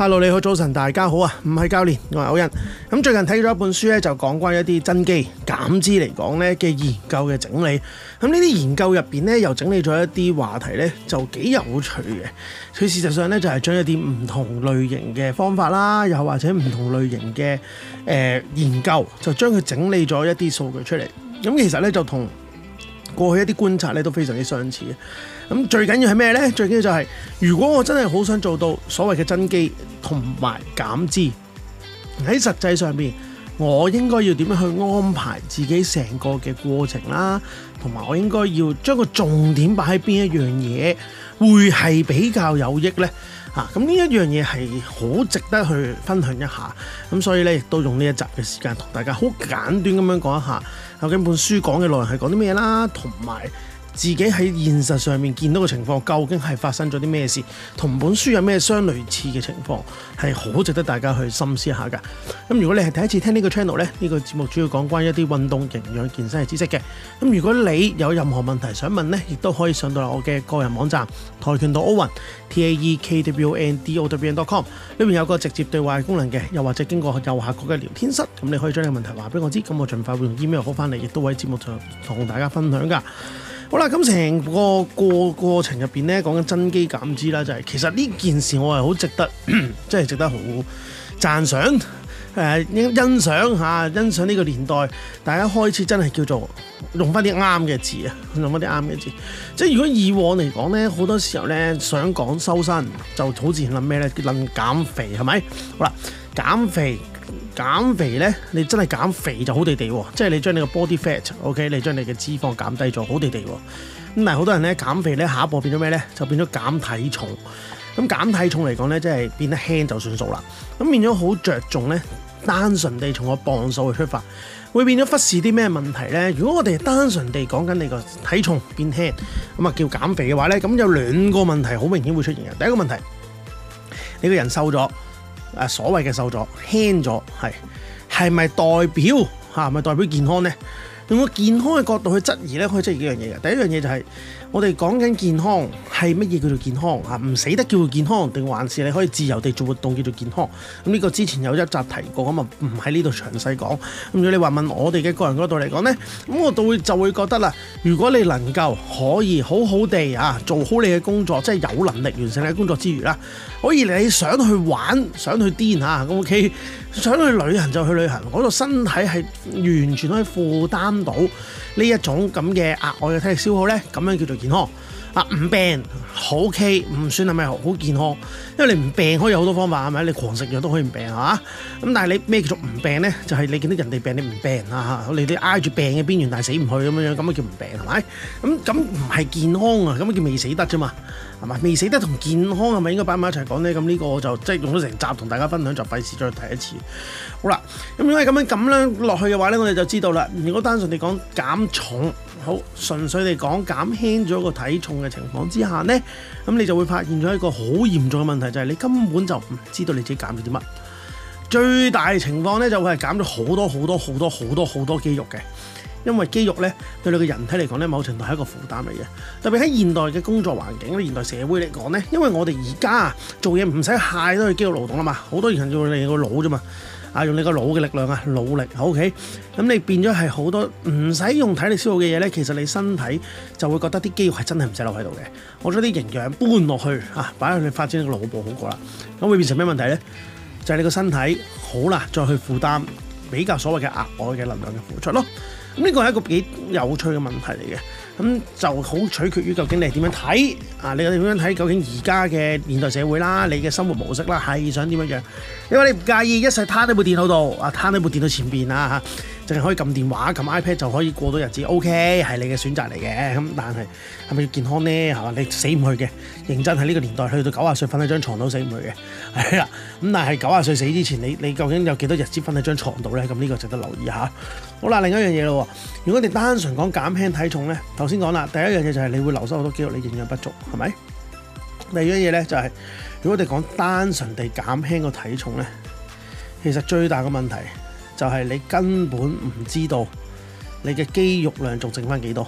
Hello，你好，早晨，大家好啊！唔係教練，我係歐恩。咁最近睇咗一本書咧，就講關於一啲增肌減脂嚟講咧嘅研究嘅整理。咁呢啲研究入邊咧，又整理咗一啲話題咧，就幾有趣嘅。佢事實上咧，就係將一啲唔同類型嘅方法啦，又或者唔同類型嘅誒、呃、研究，就將佢整理咗一啲數據出嚟。咁其實咧，就同。過去一啲觀察咧都非常之相似，咁最緊要係咩呢？最緊要就係、是、如果我真係好想做到所謂嘅增肌同埋減脂，喺實際上面，我應該要點樣去安排自己成個嘅過程啦，同埋我應該要將個重點擺喺邊一樣嘢，會係比較有益呢？啊！咁呢一樣嘢係好值得去分享一下，咁所以咧亦都用呢一集嘅時間同大家好簡短咁樣講一下，究竟本書講嘅內容係講啲咩啦？同埋，自己喺現實上面見到嘅情況，究竟係發生咗啲咩事，同本書有咩相類似嘅情況，係好值得大家去深思一下㗎。咁如果你係第一次聽呢個 channel 咧，呢個節目主要講關於一啲運動營養健身嘅知識嘅。咁如果你有任何問題想問咧，亦都可以上到我嘅個人網站跆拳道歐雲 t a e k w o n d o w e n dot com 裏邊有個直接對話嘅功能嘅，又或者經過右下角嘅聊天室，咁你可以將呢個問題話俾我知，咁我盡快會用 email 好翻嚟，亦都會喺節目上同大家分享㗎。好啦，咁成個過過程入面咧，講緊增肌減脂啦，就係、是、其實呢件事我係好值得，真係值得好讚賞誒，欣賞吓，欣賞呢個年代大家開始真係叫做用翻啲啱嘅字啊，用翻啲啱嘅字。即係如果以往嚟講咧，好多時候咧，想講修身就好似諗咩咧，諗減肥係咪？好啦，減肥。減肥咧，你真係減肥就好地地喎，即係你將你個 body fat，OK，你將你嘅脂肪減低咗，好地地喎。咁但係好多人咧減肥咧，下一步變咗咩咧？就變咗減體重。咁減體重嚟講咧，即係變得輕就算數啦。咁變咗好着重咧，單純地從個磅數去出發，會變咗忽視啲咩問題咧？如果我哋單純地講緊你個體重變輕，咁就叫減肥嘅話咧，咁有兩個問題好明顯會出現嘅。第一個問題，你個人瘦咗。誒，所謂嘅瘦咗輕咗係，係咪代表嚇，係咪代表健康咧？用個健康嘅角度去質疑咧，可以質疑幾樣嘢嘅。第一樣嘢就係。我哋講緊健康係乜嘢叫做健康啊？唔死得叫做健康，定還是你可以自由地做活動叫做健康？咁、這、呢個之前有一集提過咁啊，唔喺呢度詳細講。咁如果你話問我哋嘅個人角度嚟講呢，咁我就會就會覺得啦，如果你能夠可以好好地啊做好你嘅工作，即係有能力完成你嘅工作之餘啦，可以你想去玩想去癲啊咁 OK，想去旅行就去旅行，我個身體係完全可以負擔到。呢一種咁嘅額外嘅體力消耗咧，咁樣叫做健康。啊唔病好 OK 唔算係咪好健康？因為你唔病可以有好多方法係咪？你狂食藥都可以唔病嚇。咁但係你咩叫做唔病咧？就係、是、你見到人哋病你唔病啊！你係咪你挨住病嘅邊緣，但係死唔去咁樣樣，咁啊叫唔病係咪？咁咁唔係健康啊？咁啊叫未死得咋嘛？係咪？未死得同健康係咪應該擺埋一齊講咧？咁呢個我就即係、就是、用咗成集同大家分享就費事再提一次。好啦，咁如果係咁樣咁樣落去嘅話咧，我哋就知道啦。如果單純你講減重，好，純粹地講減輕咗個體重嘅情況之下呢，咁你就會發現咗一個好嚴重嘅問題，就係你根本就唔知道你自己減咗啲乜。最大情況呢，就會係減咗好多好多好多好多好多肌肉嘅，因為肌肉呢，對你嘅人體嚟講呢，某程度係一個負擔嚟嘅。特別喺現代嘅工作環境、現代社會嚟講呢，因為我哋而家做嘢唔使太多肌肉勞動啦嘛，好多時候做嚟個腦啫嘛。啊！用你個腦嘅力量啊，努力，OK？咁你變咗係好多唔使用，用體力消耗嘅嘢咧，其實你身體就會覺得啲肌肉係真係唔使留喺度嘅，我將啲營養搬落去啊，擺去發展個腦部好過啦。咁會變成咩問題咧？就係、是、你個身體好難再去負擔比較所謂嘅額外嘅能量嘅付出咯。咁呢個係一個幾有趣嘅問題嚟嘅。咁就好取決於究竟你係點樣睇啊？你究竟點樣睇？究竟而家嘅現代社會啦，你嘅生活模式啦，係想點樣樣？因為你唔介意一世，攤喺部電腦度啊，攤喺部電腦前邊啊！淨係可以撳電話撳 iPad 就可以過到日子，OK 係你嘅選擇嚟嘅。咁但係係咪要健康咧？係嘛，你死唔去嘅。認真喺呢個年代，去到九啊歲瞓喺張床度都死唔去嘅。係啦，咁但係九啊歲死之前，你你究竟有幾多日子瞓喺張床度咧？咁呢個值得留意吓。好啦，另一樣嘢咯。如果你單純講減輕體重咧，頭先講啦，第一樣嘢就係你會流失好多肌肉，你營養不足係咪？第二樣嘢咧就係，如果你講單純地減輕個體重咧，其實最大嘅問題。就係、是、你根本唔知道你嘅肌肉量仲剩翻幾多，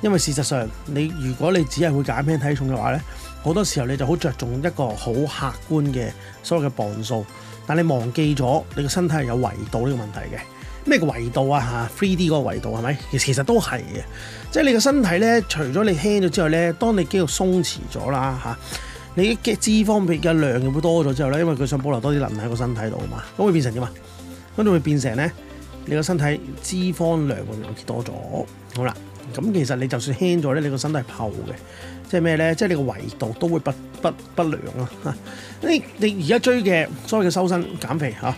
因為事實上你如果你只係會減輕體重嘅話咧，好多時候你就好着重一個好客觀嘅所謂嘅磅數，但你忘記咗你嘅身體係有維度呢個問題嘅咩、啊、個維度啊吓 three D 個維度係咪？其其實都係嘅，即、就、係、是、你個身體咧，除咗你輕咗之外咧，當你肌肉鬆弛咗啦嚇，你嘅脂肪皮嘅量會多咗之後咧，因為佢想保留多啲能量喺個身體度啊嘛，咁會變成點啊？咁你會變成咧，你個身體脂肪量會多咗。好啦，咁其實你就算輕咗咧，你個身體係厚嘅，即係咩咧？即係你個圍度都會不不不良啊。你你而家追嘅所謂嘅修身減肥嚇，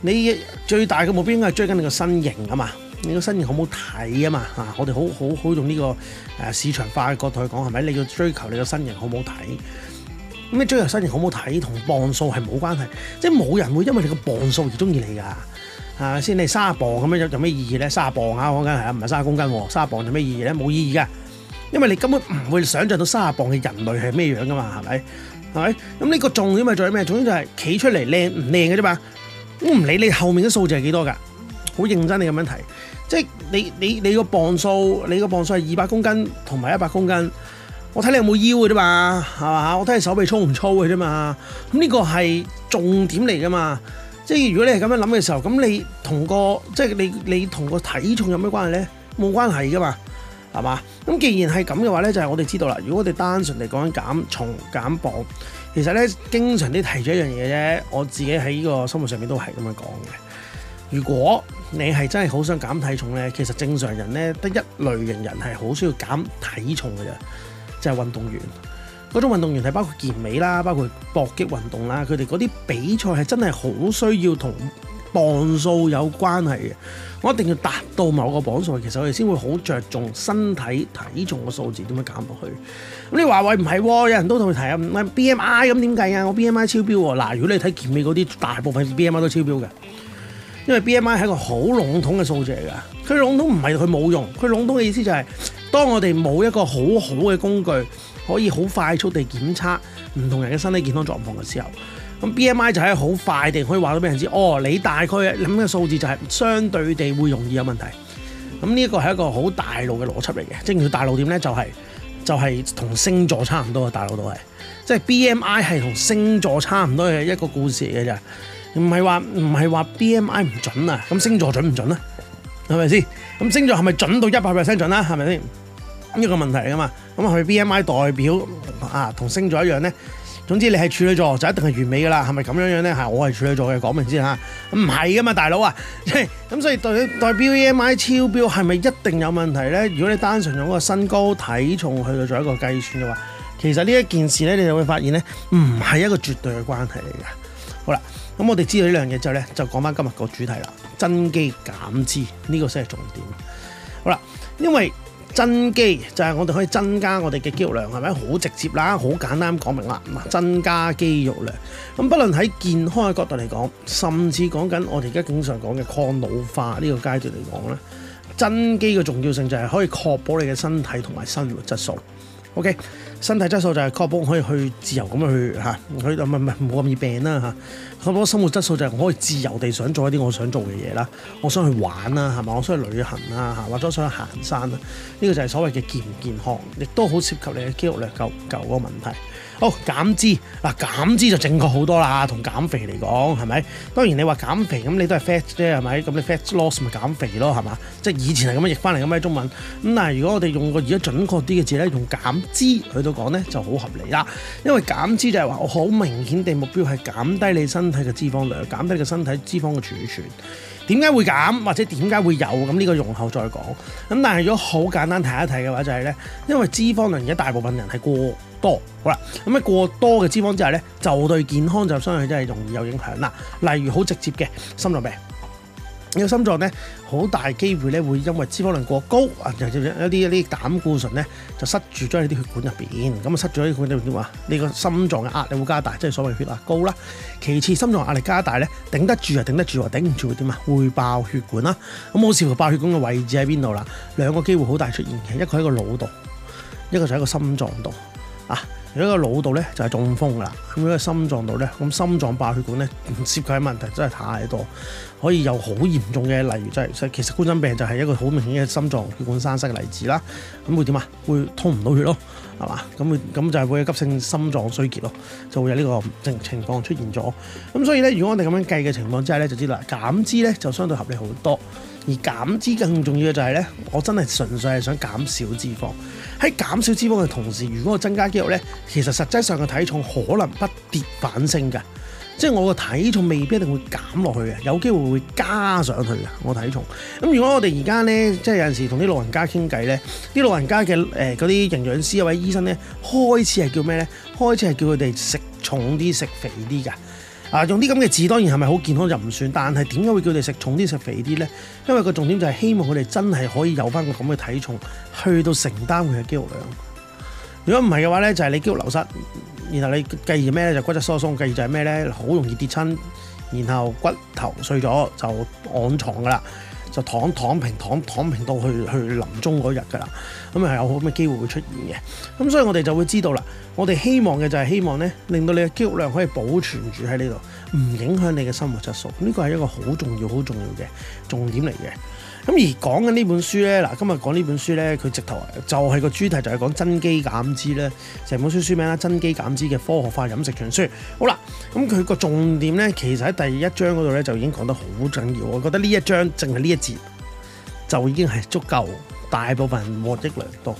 你最大嘅目標應該係追緊你個身形啊嘛，你個身形好唔好睇啊嘛嚇？我哋好好好用呢個呃市場化嘅角度去講係咪？你要追求你個身形好唔好睇？咁你追求身形好唔好睇同磅數係冇關係，即係冇人會因為你個磅數而中意你噶，係、啊、先？你三十磅咁樣有有咩意義咧？三十磅啊，我講緊係啊，唔係三十公斤，三十磅有咩意義咧？冇意義噶，因為你根本唔會想象到三十磅嘅人類係咩樣噶嘛，係咪？係咪？咁呢個重點咪為重咩？總之就係企出嚟靚唔靚嘅啫嘛，我唔理你後面嘅數字係幾多噶，好認真你咁樣睇，即係你你你個磅數，你個磅數係二百公斤同埋一百公斤。我睇你有冇腰嘅啫嘛，係嘛？我睇你手臂粗唔粗嘅啫嘛。咁呢個係重點嚟噶嘛？即係如果你係咁樣諗嘅時候，咁你同個即係你你同個體重有咩關係咧？冇關係噶嘛，係嘛？咁既然係咁嘅話咧，就係我哋知道啦。如果我哋單純嚟講減重減磅，其實咧經常啲提咗一樣嘢啫。我自己喺呢個生活上面都係咁樣講嘅。如果你係真係好想減體重咧，其實正常人咧得一類型人係好需要減體重嘅啫。就係、是、運動員嗰種運動員係包括健美啦，包括搏擊運動啦，佢哋嗰啲比賽係真係好需要同磅數有關係嘅，我一定要達到某個磅數，其實我哋先會好着重身體體重嘅數字點樣減落去。咁你話喂唔係喎，有人都同你提啊，唔係 B M I 咁點計啊？我 B M I 超標喎。嗱、啊，如果你睇健美嗰啲，大部分 B M I 都超標嘅，因為 B M I 係一個好籠統嘅數字嚟㗎。佢籠統唔係佢冇用，佢籠統嘅意思就係、是。當我哋冇一個好好嘅工具，可以好快速地檢測唔同人嘅身體健康狀況嘅時候，咁 BMI 就係好快地可以話到俾人知，哦，你大概諗嘅數字就係相對地會容易有問題。咁呢一個係一個好大路嘅邏輯嚟嘅，正如大路點咧，就係、就係、同星座差唔多嘅大佬都係，即係 BMI 係同星座差唔多嘅一個故事嚟嘅啫，唔係話唔係話 BMI 唔準啊，咁星座準唔準咧？係咪先？咁星座係咪準到一百 percent 準啦？係咪先？一個問題嚟噶嘛？咁佢 BMI 代表啊，同星座一樣咧。總之你係處女座就一定係完美噶啦，係咪咁樣樣咧？係我係處女座嘅，講明先吓。唔係噶嘛，大佬啊。咁 所以代代表 BMI 超標係咪一定有問題咧？如果你單純用個身高體重去到做一個計算嘅話，其實呢一件事咧，你就會發現咧，唔係一個絕對嘅關係嚟噶。好啦，咁我哋知道呢樣嘢之後咧，就講翻今日個主題啦。增肌減脂呢個先係重點。好啦，因為。增肌就係我哋可以增加我哋嘅肌肉量，係咪？好直接啦，好簡單講明啦。增加肌肉量，咁不論喺健康嘅角度嚟講，甚至講緊我哋而家經常講嘅抗老化呢個階段嚟講咧，增肌嘅重要性就係可以確保你嘅身體同埋生活質素。OK。身體質素就係確保可以去自由咁去嚇，佢唔係，唔係冇咁易病啦嚇。確保生活質素就係我可以自由地想做一啲我想做嘅嘢啦，我想去玩啦，係嘛，我想去旅行啦嚇，或者我想去行山啦。呢個就係所謂嘅健唔健康，亦都好涉及你嘅肌肉量夠唔夠嗰個問題。好減脂嗱、啊，減脂就正確好多啦，同減肥嚟講，係咪？當然你話減肥咁，你都係 fat 啫，係咪？咁你 fat loss 咪減肥咯，係嘛？即係以前係咁樣譯翻嚟咁嘅中文。咁但係如果我哋用個而家準確啲嘅字咧，用減脂去到講咧就好合理啦。因為減脂就係話我好明顯地目標係減低你身體嘅脂肪量，減低你嘅身體脂肪嘅儲存。點解會減，減或者點解會有咁呢個容後再講，咁但係如果好簡單提一提嘅話，就係咧，因為脂肪量而家大部分人係過多，好啦，咁喺過多嘅脂肪之下咧，就對健康就相對真係容易有影響啦，例如好直接嘅心臟病。你個心臟咧，好大機會咧，會因為脂肪量過高啊，有一啲一啲膽固醇咧，就塞住咗喺啲血管入邊，咁啊塞咗呢血管入邊點啊？呢個心臟嘅壓力會加大，即係所謂血壓高啦。其次，心臟壓力加大咧，頂得住啊，頂得住啊，頂唔住會點啊？會爆血管啦。咁好似爆血管嘅位置喺邊度啦？兩個機會好大出現嘅，一個喺個腦度，一個就喺個心臟度啊。如果個腦度咧就係中風啦，咁如果個心臟度咧，咁心臟爆血管咧唔涉及問題真係太多，可以有好嚴重嘅，例如即係，其實冠心病就係一個好明顯嘅心臟血管生塞嘅例子啦。咁會點啊？會通唔到血咯，係嘛？咁會咁就係會有急性心臟衰竭咯，就會有呢個情情況出現咗。咁所以咧，如果我哋咁樣計嘅情況之下咧，就知啦，減脂咧就相對合理好多。而減脂更重要嘅就係、是、咧，我真係純粹係想減少脂肪。喺減少脂肪嘅同時，如果我增加肌肉咧，其實實質上嘅體重可能不跌反升㗎，即係我個體重未必一定會減落去嘅，有機會會加上去㗎。我體重咁，如果我哋而家咧，即係有陣時同啲老人家傾偈咧，啲老人家嘅誒嗰啲營養師一位醫生咧，開始係叫咩咧？開始係叫佢哋食重啲、食肥啲㗎。啊！用啲咁嘅字當然係咪好健康就唔算，但係點解會叫你食重啲、食肥啲呢？因為個重點就係希望佢哋真係可以有翻個咁嘅體重去到承擔佢嘅肌肉量。如果唔係嘅話呢，就係、是、你肌肉流失，然後你繼而咩呢？就骨質疏鬆，繼而就係咩呢？好容易跌親，然後骨頭碎咗就臥床噶啦。就躺躺平躺躺平到去去臨終嗰日㗎啦，咁啊係有好嘅機會會出現嘅。咁所以我哋就會知道啦。我哋希望嘅就係希望咧，令到你嘅肌肉量可以保存住喺呢度，唔影響你嘅生活質素。呢個係一個好重要、好重要嘅重點嚟嘅。咁而講緊呢本書咧，嗱今日講呢本書咧，佢直頭就係個主題，就係講增肌減脂咧。成本書書名啦，《增肌減脂嘅科學化飲食全書》。好啦。咁佢個重點咧，其實喺第一章嗰度咧，就已經講得好緊要。我覺得呢一章淨係呢一節就已經係足夠大部分獲益良多。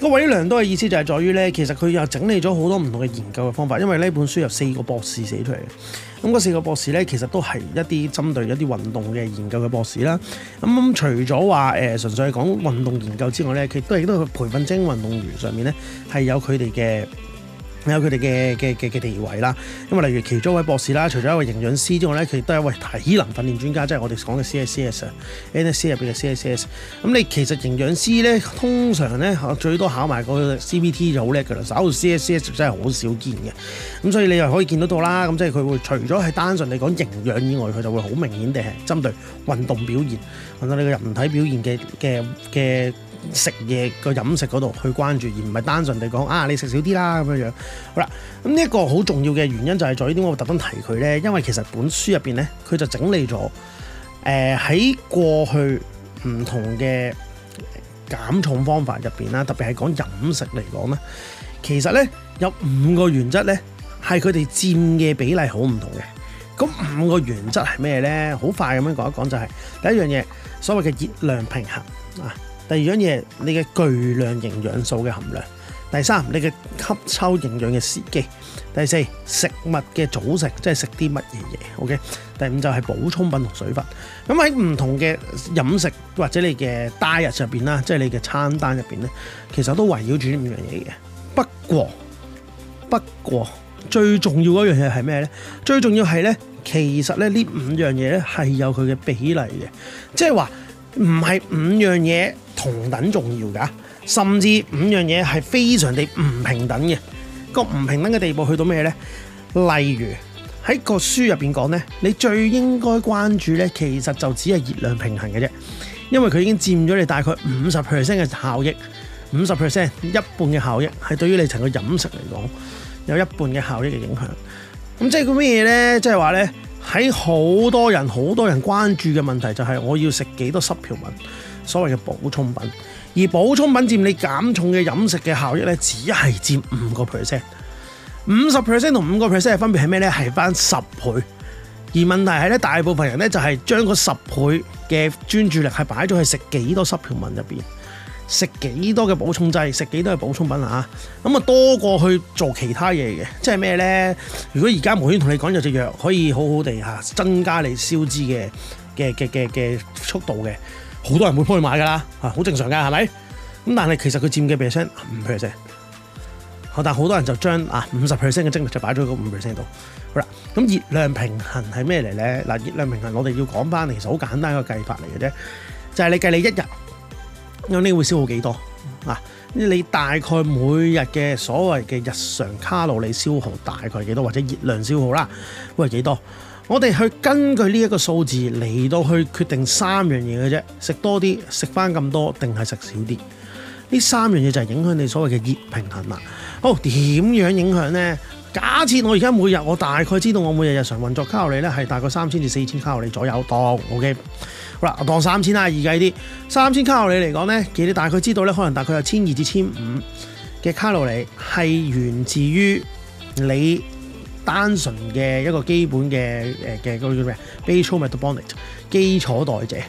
個獲益良多嘅意思就係在於咧，其實佢又整理咗好多唔同嘅研究嘅方法，因為呢本書有四個博士寫出嚟嘅。咁嗰四個博士咧，其實都係一啲針對一啲運動嘅研究嘅博士啦。咁除咗話誒純粹講運動研究之外咧，佢都係都培訓精英運動員上面咧係有佢哋嘅。有佢哋嘅嘅嘅嘅地位啦，因為例如其中一位博士啦，除咗一位營養師之外咧，佢亦都係一位體能訓練專家，即係我哋講嘅 CSCS 啊 NSC 入邊嘅 CSCS，咁你其實營養師咧，通常咧最多考埋個 CPT 就好叻㗎啦，考到 CSCS 真係好少見嘅。咁所以你又可以見得到啦，咁即係佢會除咗係單純你講營養以外，佢就會好明顯地係針對運動表現，或者你個人體表現嘅嘅嘅食嘢個飲食嗰度去關注，而唔係單純地講啊，你食少啲啦咁樣樣。好啦，咁呢一個好重要嘅原因就係在於點解我特登提佢呢？因為其實本書入邊呢，佢就整理咗誒喺過去唔同嘅減重方法入邊啦，特別係講飲食嚟講啦。其實呢，有五個原則呢，係佢哋佔嘅比例好唔同嘅。咁五個原則係咩呢？好快咁樣講一講就係、是、第一樣嘢，所謂嘅熱量平衡啊。第二樣嘢係你嘅巨量營養素嘅含量，第三你嘅吸收營養嘅時機，第四食物嘅組成，即係食啲乜嘢嘢，OK？第五就係、是、補充品同水分。咁喺唔同嘅飲食或者你嘅 diet 入面啦，即係你嘅餐單入面咧，其實都圍繞住呢五樣嘢嘅。不過不過最重要嗰樣嘢係咩咧？最重要係咧，其實咧呢五樣嘢咧係有佢嘅比例嘅，即係話唔係五樣嘢。同等重要噶，甚至五樣嘢係非常地唔平等嘅。個唔平等嘅地步去到咩呢？例如喺個書入邊講呢，你最應該關注呢，其實就只係熱量平衡嘅啫，因為佢已經佔咗你大概五十 percent 嘅效益，五十 percent 一半嘅效益係對於你成個飲食嚟講有一半嘅效益嘅影響。咁即係個咩呢？即係話呢，喺好多人好多人關注嘅問題就係我要食幾多濕條文。所謂嘅補充品，而補充品佔你減重嘅飲食嘅效益咧，只係佔五個 percent，五十 percent 同五個 percent 嘅分別係咩咧？係翻十倍。而問題係咧，大部分人咧就係、是、將個十倍嘅專注力係擺咗去食幾多濕條文入邊，食幾多嘅補充劑，食幾多嘅補充品啦嚇。咁啊多過去做其他嘢嘅，即係咩咧？如果而家無端同你講有隻藥可以好好地嚇增加你消脂嘅嘅嘅嘅嘅速度嘅。好多人會幫佢買噶啦，嚇好正常嘅，係咪？咁但係其實佢佔嘅 percent 五 percent，但好多人就將啊五十 percent 嘅精力就擺咗喺個五 percent 度，好啦。咁熱量平衡係咩嚟咧？嗱，熱量平衡我哋要講翻，其實好簡單一個計法嚟嘅啫，就係、是、你計你一日咁你會消耗幾多啊？你大概每日嘅所謂嘅日常卡路里消耗大概幾多，或者熱量消耗啦，會係幾多？我哋去根據呢一個數字嚟到去決定三樣嘢嘅啫，食多啲，食翻咁多定係食少啲？呢三樣嘢就係影響你所謂嘅熱平衡啦。好，點樣影響呢？假設我而家每日我大概知道我每日日常運作卡路里呢係大概三千至四千卡路里左右，當 OK 好啦，我當三千啦，易計啲。三千卡路里嚟講呢，其實你大概知道呢，可能大概有千二至千五嘅卡路里係源自於你。單純嘅一個基本嘅誒嘅嗰個叫咩 Basal Metabolic 基礎代謝，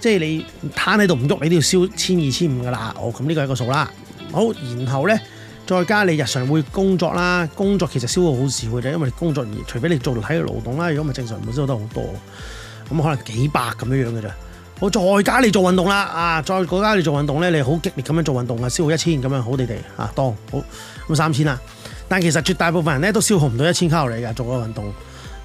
即係你攤喺度唔喐，你都要燒千二千五㗎啦。哦，咁呢個係一個數啦。好，然後咧再加你日常會工作啦，工作其實消耗好少嘅啫，因為你工作而除非你做體育勞動啦，如果唔係正常唔會消耗得好多。咁可能幾百咁樣樣㗎啫。我再加你做運動啦啊！再加你做運動咧，你好激烈咁樣做運動啊，消耗一千咁樣好地地啊，當好咁三千啦。但其實絕大部分人咧都消耗唔到一千卡路里㗎，做個運動，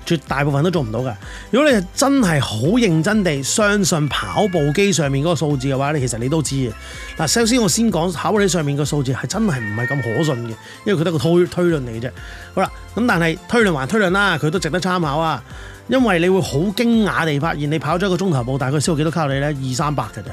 絕大部分都做唔到㗎。如果你真係好認真地相信跑步機上面嗰個數字嘅話，你其實你都知嘅。嗱，首先我先講跑步機上面個數字係真係唔係咁可信嘅，因為佢得個推推論嚟嘅啫。好啦，咁但係推論還推論啦，佢都值得參考啊，因為你會好驚訝地發現你跑咗一個鐘頭步，大概消耗幾多卡路里咧？二三百嘅啫。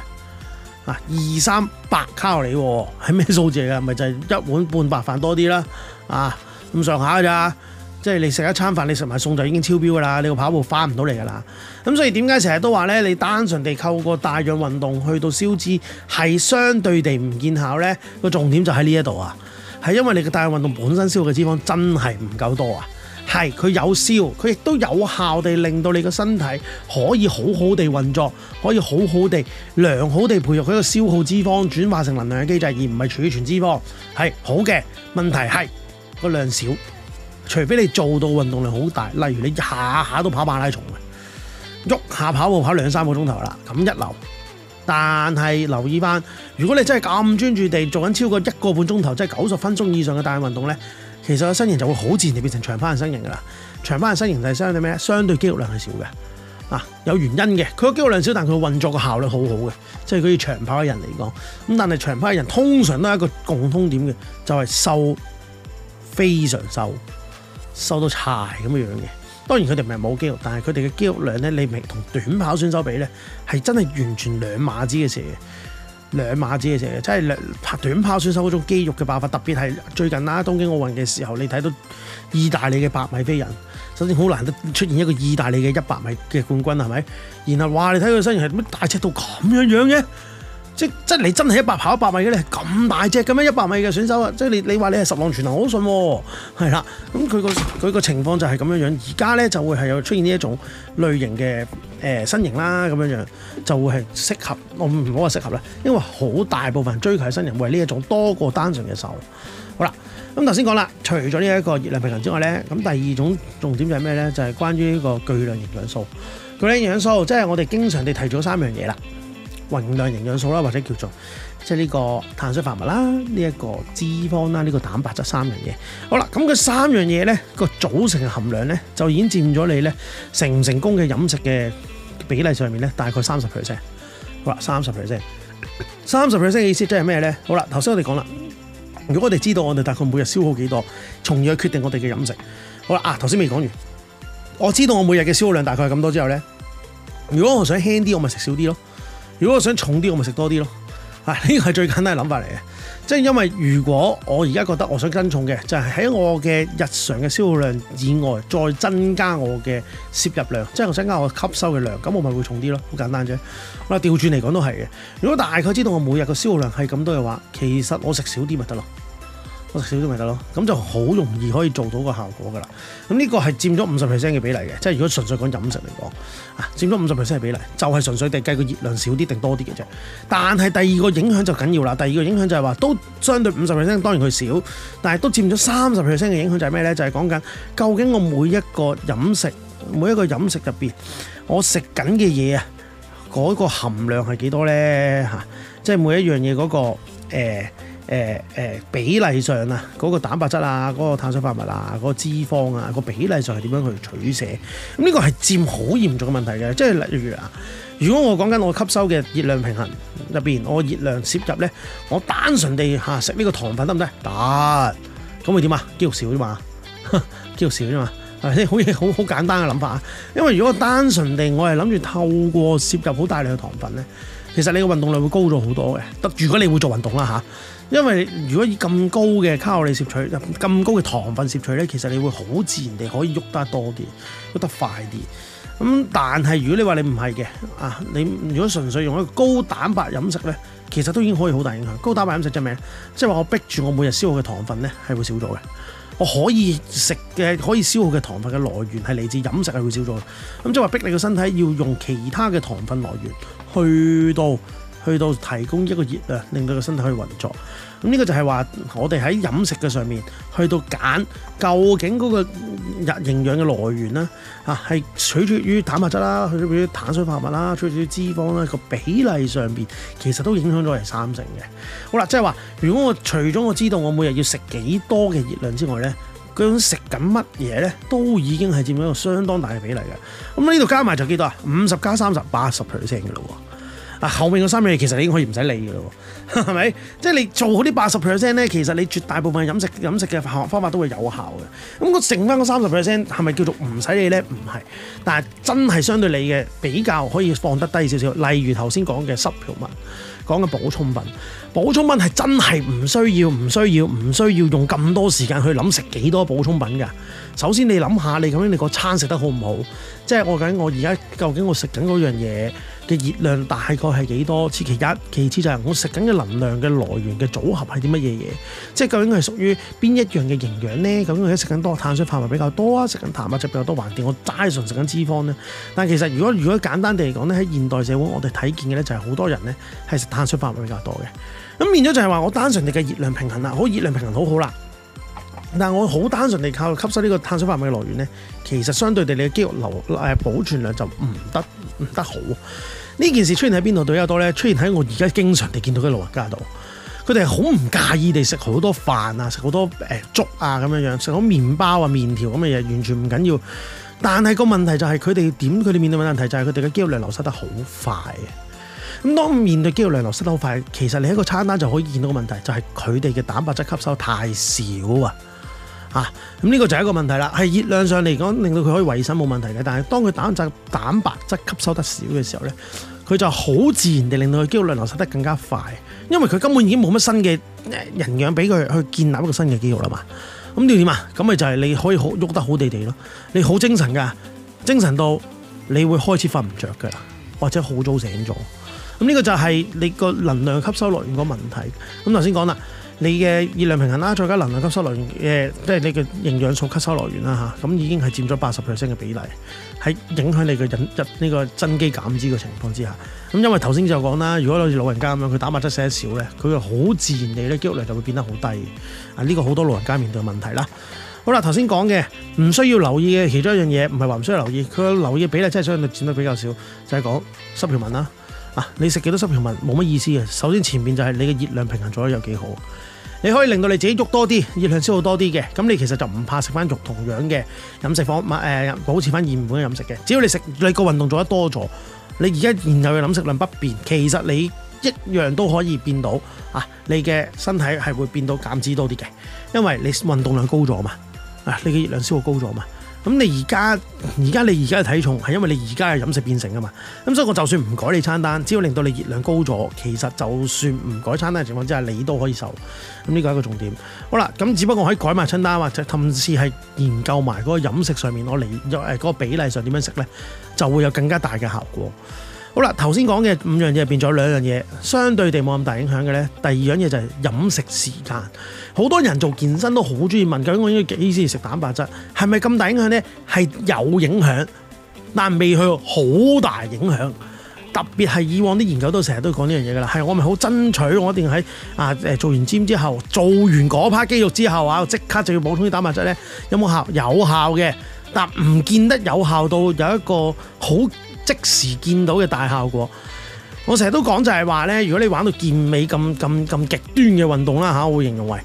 啊，二三百卡路里喎，係咩數字嚟嘅？咪就係一碗半白飯多啲啦，啊咁上下咋？即係你食一餐飯，你食埋餸就已經超標噶啦，你個跑步翻唔到嚟噶啦。咁所以點解成日都話咧，你單純地透過帶氧運動去到消脂係相對地唔見效咧？個重點就喺呢一度啊，係因為你個帶氧運動本身消耗嘅脂肪真係唔夠多啊。係佢有消，佢亦都有效地令到你個身體可以好好地運作，可以好好地良好地培育佢個消耗脂肪轉化成能量嘅機制，而唔係儲存脂肪。係，好嘅問題係個量少，除非你做到運動量好大，例如你下下都跑馬拉松啊，喐下跑步跑兩三個鐘頭啦，咁一流。但係留意翻，如果你真係咁專注地做緊超過一個半鐘頭，即係九十分鐘以上嘅大運動呢。其實個身形就會好自然地變成長跑嘅身形噶啦，長跑嘅身形就係相對咩？相對肌肉量係少嘅，啊有原因嘅。佢個肌肉量少，但係佢運作嘅效率好好嘅，即係佢啲長跑嘅人嚟講。咁但係長跑嘅人通常都係一個共通點嘅，就係、是、瘦，非常瘦，瘦到柴咁嘅樣嘅。當然佢哋唔係冇肌肉，但係佢哋嘅肌肉量咧，你唔同短跑選手比咧，係真係完全兩碼子嘅事。兩碼子嘅嘢，即係拍短跑選手嗰種肌肉嘅辦法，特別係最近啦，東京奧運嘅時候，你睇到意大利嘅百米飛人，首先好難得出現一個意大利嘅一百米嘅冠軍，係咪？然後話你睇佢身形係乜大隻到咁樣樣嘅。即即你真係一百跑一百米嘅你係，咁大隻咁樣一百米嘅選手啊！即你你話你係十項全能我都信喎、啊，係啦。咁佢個佢個情況就係咁樣樣，而家咧就會係有出現呢一種類型嘅誒、呃、身形啦，咁樣樣就會係適合我唔好話適合啦，因為好大部分追求嘅身形為呢一種多過單純嘅瘦。好啦，咁頭先講啦，除咗呢一個熱量平衡之外咧，咁第二種重點就係咩咧？就係、是、關於呢個巨量營養素。巨量營養素即係我哋經常地提咗三樣嘢啦。宏量營養素啦，或者叫做即係呢個碳水化合物啦，呢一個脂肪啦，呢個蛋白質三樣嘢。好啦，咁佢三樣嘢咧，個組成嘅含量咧，就已經佔咗你咧成唔成功嘅飲食嘅比例上面咧，大概三十 percent。好啦，三十 percent，三十 percent 嘅意思即係咩咧？好啦，頭先我哋講啦，如果我哋知道我哋大概每日消耗幾多，從而去決定我哋嘅飲食。好啦，啊頭先未講完，我知道我每日嘅消耗量大概係咁多之後咧，如果我想輕啲，我咪食少啲咯。如果我想重啲，我咪食多啲咯，啊呢個係最簡單嘅諗法嚟嘅，即係因為如果我而家覺得我想增重嘅，就係喺我嘅日常嘅消耗量以外，再增加我嘅攝入量，即係增加我吸收嘅量，咁我咪會重啲咯，好簡單啫。啊調轉嚟講都係嘅，如果大概知道我每日嘅消耗量係咁多嘅話，其實我食少啲咪得咯。少啲咪得咯，咁就好容易可以做到個效果噶啦。咁呢個係佔咗五十 percent 嘅比例嘅，即係如果純粹講飲食嚟講啊，佔咗五十 percent 嘅比例，就係純粹地計個熱量少啲定多啲嘅啫。但係第二個影響就緊要啦。第二個影響就係話都相對五十 percent，當然佢少，但係都佔咗三十 percent 嘅影響就係咩咧？就係講緊究竟我每一個飲食每一個飲食入邊，我食緊嘅嘢啊，嗰個含量係幾多咧？嚇，即係每一樣嘢嗰個誒。誒、呃、誒、呃、比例上啊，嗰、那個蛋白質啊，嗰、那個碳水化合物啊，嗰、那個脂肪啊，那個比例上係點樣去取捨？咁呢個係佔好嚴重嘅問題嘅。即係例如啊，如果我講緊我吸收嘅熱量平衡入邊，我熱量攝入咧，我單純地嚇食呢個糖分得唔得？得咁會點啊？肌肉少啫嘛，肌肉少啫嘛，係咪先？好嘢，好好簡單嘅諗法啊。因為如果單純地我係諗住透過攝入好大量嘅糖分咧，其實你嘅運動量會高咗好多嘅。得如果你會做運動啦嚇。啊。因為如果以咁高嘅卡路里攝取，咁高嘅糖分攝取呢，其實你會好自然地可以喐得多啲，喐得快啲。咁、嗯、但係如果你話你唔係嘅，啊，你如果純粹用一個高蛋白飲食呢，其實都已經可以好大影響。高蛋白飲食即係咩？即係話我逼住我每日消耗嘅糖分呢，係會少咗嘅。我可以食嘅可以消耗嘅糖分嘅來源係嚟自飲食係會少咗。咁即係話逼你個身體要用其他嘅糖分來源去到。去到提供一個熱量令到個身體去運作，咁呢個就係話我哋喺飲食嘅上面去到揀，究竟嗰個日營養嘅來源咧嚇，係取決於蛋白質啦，取決於碳水化合物啦，取決於脂肪啦。個比例上邊，其實都影響咗我三成嘅。好啦，即係話如果我除咗我知道我每日要食幾多嘅熱量之外咧，究竟食緊乜嘢咧都已經係佔咗一個相當大嘅比例嘅。咁呢度加埋就幾多啊？五十加三十，八十 percent 嘅咯喎。後面嗰三樣嘢其實你已經可以唔使理嘅咯，係咪？即係你做好啲八十 percent 咧，其實你絕大部分嘅飲食飲食嘅方法都會有效嘅。咁我剩翻嗰三十 percent 係咪叫做唔使理咧？唔係，但係真係相對你嘅比較可以放得低少少。例如頭先講嘅濕調物，講嘅補充品，補充品係真係唔需要，唔需要，唔需要用咁多時間去諗食幾多補充品㗎。首先你諗下，你究竟你個餐食得好唔好？即係我究竟我而家究竟我食緊嗰樣嘢嘅熱量大概係幾多次？其一，其次就係我食緊嘅能量嘅來源嘅組合係啲乜嘢嘢？即係究竟係屬於邊一樣嘅營養呢？究竟我食緊多碳水化合物比較多啊？食緊蛋白質比較多，還掂我齋純食緊脂肪呢？但其實如果如果簡單地嚟講呢，喺現代社會我哋睇見嘅呢，就係好多人呢係食碳水化合物比較多嘅。咁變咗就係話我單純地嘅熱量平衡啦，好熱量平衡好好啦。但係我好單純地靠吸收呢個碳水化合物嘅來源咧，其實相對地你嘅肌肉流保存量就唔得唔得好。呢件事出現喺邊度最多咧？出現喺我而家經常地見到嘅老人家度。佢哋係好唔介意地食好多飯啊，食好多、呃、粥啊咁樣樣，食好多麵包啊、麵條咁嘅嘢，完全唔緊要。但係個問題就係佢哋點佢哋面對問題就係佢哋嘅肌肉量流失得好快。咁當面對肌肉量流失得好快，其實你喺個餐單就可以見到個問題，就係佢哋嘅蛋白質吸收太少啊。啊，咁呢個就係一個問題啦。係熱量上嚟講，令到佢可以維生冇問題嘅。但係當佢蛋質蛋白質吸收得少嘅時候咧，佢就好自然地令到佢肌肉量流失得更加快。因為佢根本已經冇乜新嘅營養俾佢去建立一個新嘅肌肉啦嘛。咁點點啊？咁咪就係你可以好喐得好地地咯。你好精神㗎，精神到你會開始瞓唔著㗎喇，或者好早醒咗。咁呢個就係你個能量吸收來源個問題。咁頭先講啦。你嘅熱量平衡啦，再加能量吸收來源嘅，即係你嘅營養素吸收來源啦嚇，咁已經係佔咗八十 percent 嘅比例，喺影響你嘅引入呢個增肌減脂嘅情況之下。咁因為頭先就講啦，如果好似老人家咁樣，佢蛋白質食得少咧，佢好自然地咧肌肉量就會變得好低。啊，呢個好多老人家面對嘅問題啦。好啦，頭先講嘅唔需要留意嘅其中一樣嘢，唔係話唔需要留意，佢留意嘅比例真係相對佔得比較少，就係講濕條紋啦。啊！你食幾多濕條紋冇乜意思嘅。首先前面就係你嘅熱量平衡做得有幾好，你可以令到你自己喐多啲，熱量消耗多啲嘅。咁你其實就唔怕吃食翻，肉同樣嘅飲食方式，誒、呃、保持翻原本嘅飲食嘅。只要你食你個運動做得多咗，你而家現有嘅飲食量不變，其實你一樣都可以變到啊，你嘅身體係會變到減脂多啲嘅，因為你運動量高咗嘛，啊你嘅熱量消耗高咗嘛。咁你而家而家你而家嘅體重係因為你而家嘅飲食變成啊嘛，咁所以我就算唔改你餐單，只要令到你熱量高咗，其實就算唔改餐單嘅情況之下，你都可以瘦。咁呢個係一個重點。好啦，咁只不過喺改埋餐單或者同時係研究埋嗰個飲食上面，我嚟，誒嗰個比例上點樣食咧，就會有更加大嘅效果。好啦，頭先講嘅五樣嘢變咗兩樣嘢，相對地冇咁大影響嘅呢。第二樣嘢就係飲食時間，好多人做健身都好中意問，究竟我應該幾時食蛋白質？係咪咁大影響呢？係有影響，但未去好大影響。特別係以往啲研究都成日都講呢樣嘢㗎喇。係我咪好爭取，我一定喺啊做完 gym 之後，做完嗰 part 肌肉之後啊，即刻就要補充啲蛋白質呢。有冇效？有效嘅，但唔見得有效到有一個好。即時見到嘅大效果，我成日都講就係話呢，如果你玩到健美咁咁咁極端嘅運動啦嚇，我會形容為，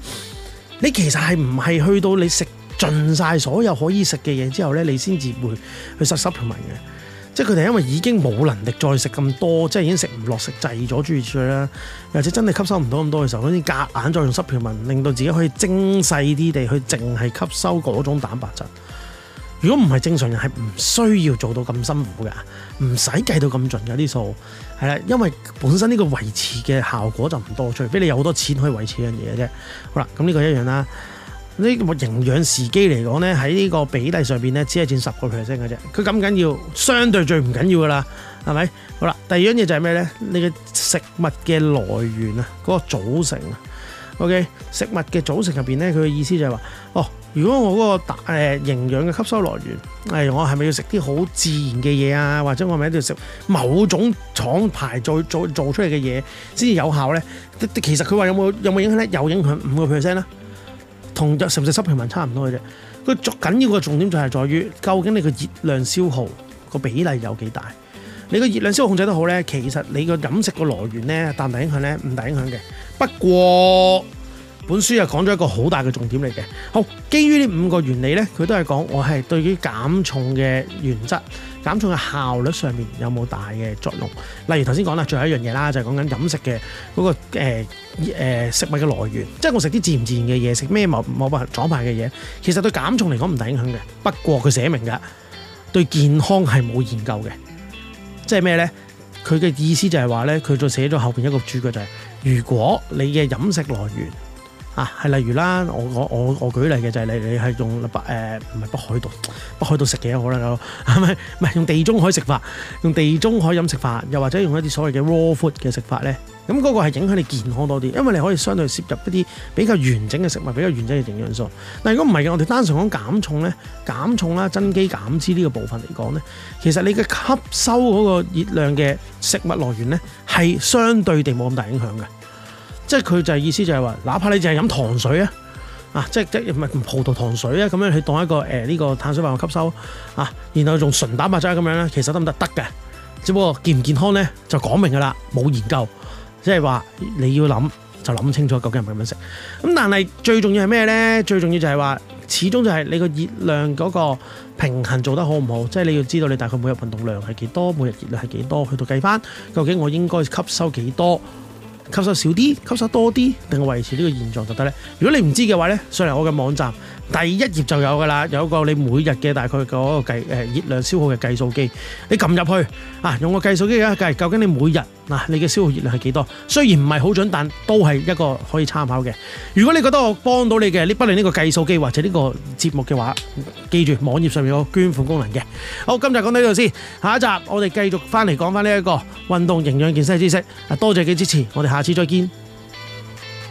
你其實係唔係去到你食盡晒所有可以食嘅嘢之後呢，你先至會去食 supplement 嘅，即係佢哋因為已經冇能力再食咁多，即係已經吃不下食唔落食滯咗，諸如此類啦，或者真係吸收唔到咁多嘅時候，好似夾硬再用 supplement，令到自己可以精細啲地去淨係吸收嗰種蛋白質。如果唔係正常人，係唔需要做到咁辛苦嘅，唔使計到咁盡嘅啲數，係啦，因為本身呢個維持嘅效果就唔多，除非你有好多錢可以維持一樣嘢嘅啫。好啦，咁呢個一樣啦。呢個營養時機嚟講咧，喺呢個比例上邊咧，只係佔十個 percent 嘅啫。佢咁緊要，相對最唔緊要噶啦，係咪？好啦，第二樣嘢就係咩咧？你嘅食物嘅來源啊，嗰個組成啊。O.K. 食物嘅組成入邊咧，佢嘅意思就係話，哦。如果我嗰個誒營養嘅吸收來源，誒我係咪要食啲好自然嘅嘢啊？或者我係咪一定要食某種廠牌做做做出嚟嘅嘢先至有效咧？其實佢話有冇有冇影響咧？有影響五個 percent 啦，同食唔食濕平衡差唔多嘅啫。佢最緊要嘅重點就係在於，究竟你個熱量消耗個比例有幾大？你個熱量消耗控制得好咧，其實你個飲食個來源咧，大唔大影響咧？唔大影響嘅。不過，本書又講咗一個好大嘅重點嚟嘅。好，基於呢五個原理咧，佢都係講我係對於減重嘅原則、減重嘅效率上面有冇大嘅作用。例如頭先講啦，最後一樣嘢啦，就係講緊飲食嘅嗰、那個誒、呃呃、食物嘅來源，即、就、係、是、我食啲自唔自然嘅嘢，食咩冇冇物狀態嘅嘢，其實對減重嚟講唔大影響嘅。不過佢寫明㗎，對健康係冇研究嘅，即係咩咧？佢嘅意思就係話咧，佢再寫咗後邊一個主句就係、是：如果你嘅飲食來源啊，係例如啦，我我我我舉例嘅就係你你係用北誒唔係北海道，北海道食嘢好嘞係咪？唔係用地中海食法，用地中海飲食法，又或者用一啲所謂嘅 raw food 嘅食法咧，咁嗰個係影響你健康多啲，因為你可以相對攝入一啲比較完整嘅食物，比較完整嘅營養素。但如果唔係嘅，我哋單純講減重咧，減重啦，增肌減脂呢個部分嚟講咧，其實你嘅吸收嗰個熱量嘅食物來源咧，係相對地冇咁大影響嘅。即係佢就係意思就係話，哪怕你淨係飲糖水啊，啊，即係即係葡萄糖水啊，咁樣去當一個誒呢個碳水化合物吸收啊，然後用純蛋白質咁樣咧，其實得唔得？得嘅，只不過健唔健康咧就講明㗎喇，冇研究，即係話你要諗就諗清楚究竟係咪係咁樣食。咁但係最重要係咩咧？最重要就係話，始終就係你個熱量嗰個平衡做得好唔好，即係你要知道你大概每日運動量係幾多，每日熱量係幾多，去到計返究竟我應該吸收幾多。吸收少啲，吸收多啲，定係維持呢個現狀就得咧。如果你唔知嘅話咧，上嚟我嘅網站。第一頁就有噶啦，有一個你每日嘅大概嗰個計誒熱量消耗嘅計數機，你撳入去啊，用個計數機一計，究竟你每日嗱你嘅消耗熱量係幾多？雖然唔係好準，但都係一個可以參考嘅。如果你覺得我幫到你嘅，你不論呢個計數機或者呢個節目嘅話，記住網頁上面有個捐款功能嘅。好，今集講到呢度先，下一集我哋繼續翻嚟講翻呢一個運動營養健身知識。啊，多謝你嘅支持，我哋下次再見。